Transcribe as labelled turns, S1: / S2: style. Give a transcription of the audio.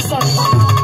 S1: Sunday.